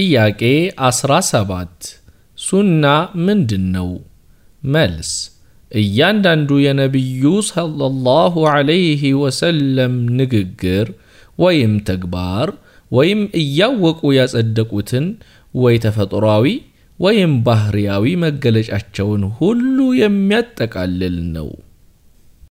ጥያቄ 17 ሱና ምንድን ነው? መልስ እያንዳንዱ የነቢዩ ሰለላሁ ዐለይሂ ወሰለም ንግግር ወይም ተግባር ወይም እያወቁ ያጸደቁትን ወይ ተፈጥሯዊ ወይም ባህርያዊ መገለጫቸውን ሁሉ የሚያጠቃልል ነው።